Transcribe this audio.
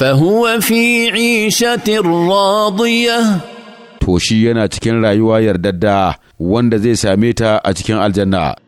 فهو في عيشة راضية توشي ينا رايوا يرددا واند ساميتا اتكين الجنة